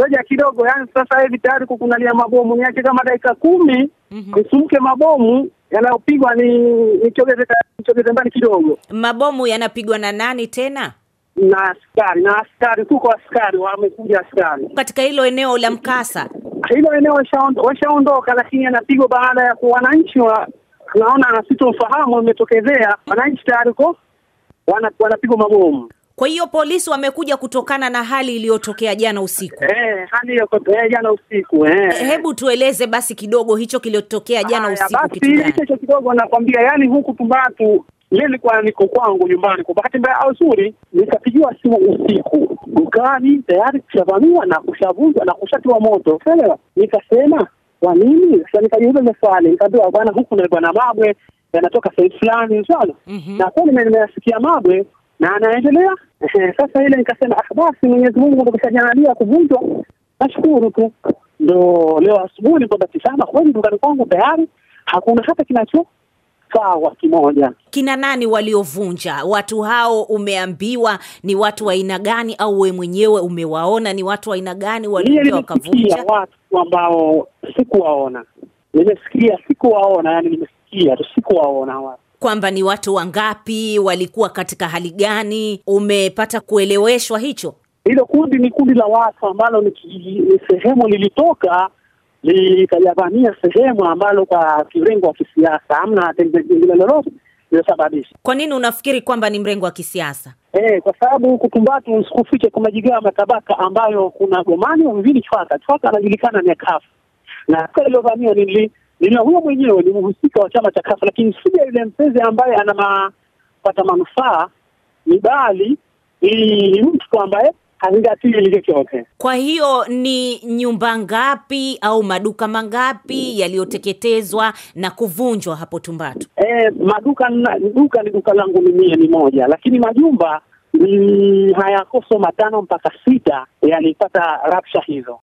ngoja kidogo, yani sasa hivi tayari kukunalia mabomu niache kama dakika kumi mhm. nisumke mm -hmm. mabomu yanayopigwa ni nichogeze nichogeze mbali kidogo. Mabomu yanapigwa na nani tena? Na askari na askari, kuko askari wamekuja, askari katika hilo eneo la mkasa. Hilo eneo washaondoka, lakini yanapigwa baada ya wananchi wa naona sitofahamu imetokezea, wananchi tayari ko wanapigwa mabomu. Kwa hiyo polisi wamekuja kutokana na hali iliyotokea jana usiku. Eh, hali yaani ya jana usiku eh. Hebu tueleze basi kidogo hicho kiliotokea jana usiku basi, kitu gani? Hicho kidogo nakwambia, yani huku Tumbatu mimi nilikuwa niko kwangu nyumbani, kwa bahati mbaya au nzuri, nikapigiwa simu usiku, dukani tayari kushavamiwa na kushavunjwa na kushatiwa moto, unaelewa. Nikasema kwa nini sasa? Nikajiuliza ile swali, nikaambiwa bwana, huku na bwana Mabwe yanatoka sehemu fulani, unaona mm -hmm. na kweli nimeyasikia Mabwe na anaendelea sasa. Ile nikasema ah, basi Mwenyezi Mungu ndio kishajalia kuvunjwa Nashukuru tu ndo leo asubuhi nilipobaki sana kweli dukani kwangu tayari hakuna hata kinacho sawa kimoja. Kina nani waliovunja? Watu hao umeambiwa ni watu wa aina gani, au wewe mwenyewe umewaona ni watu wa aina gani wakavunja? Watu ambao sikuwaona, nimesikia, sikuwaona, yani nimesikia tu, sikuwaona watu kwamba ni watu wangapi, walikuwa katika hali gani? Umepata kueleweshwa hicho? Hilo kundi ni kundi la watu ambalo ni sehemu lilitoka likajavamia sehemu ambalo kwa kirengo wa kisiasa amna tendo lolote lilosababisha. Kwa nini unafikiri kwamba ni mrengo wa kisiasa? E, kwa sababu kutumbatu, usikufiche, kumejigawa matabaka ambayo kuna Gomani wamvili Chwaka. Chwaka anajulikana ni kafu na lililovamiwa nili nilio huyo mwenyewe ni mhusika wa chama cha kafu, lakini sija yule mpenzi ambaye anamapata manufaa ni bali ni mtu ambaye chochote Kwa hiyo ni nyumba ngapi au maduka mangapi yaliyoteketezwa na kuvunjwa hapo Tumbatu? E, maduka duka ni duka langu mimi ni moja, lakini majumba ni hayakoso matano mpaka sita yalipata rabsha hizo.